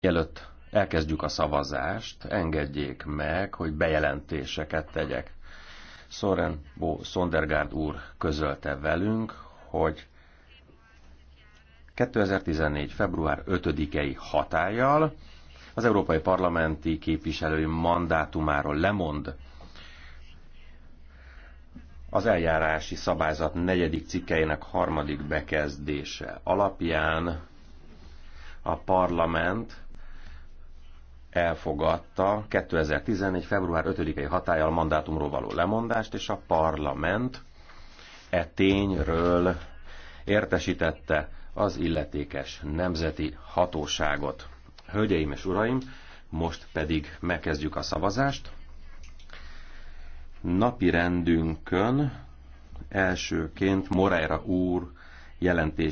Mielőtt elkezdjük a szavazást, engedjék meg, hogy bejelentéseket tegyek. Soren Bo Sondergaard úr közölte velünk, hogy 2014. február 5-i hatállyal az Európai Parlamenti képviselői mandátumáról lemond. Az eljárási szabályzat negyedik cikkeinek harmadik bekezdése alapján a parlament elfogadta 2014. február 5-i hatállyal mandátumról való lemondást, és a parlament e tényről értesítette az illetékes nemzeti hatóságot. Hölgyeim és uraim, most pedig megkezdjük a szavazást. Napi rendünkön elsőként Moreira úr jelentés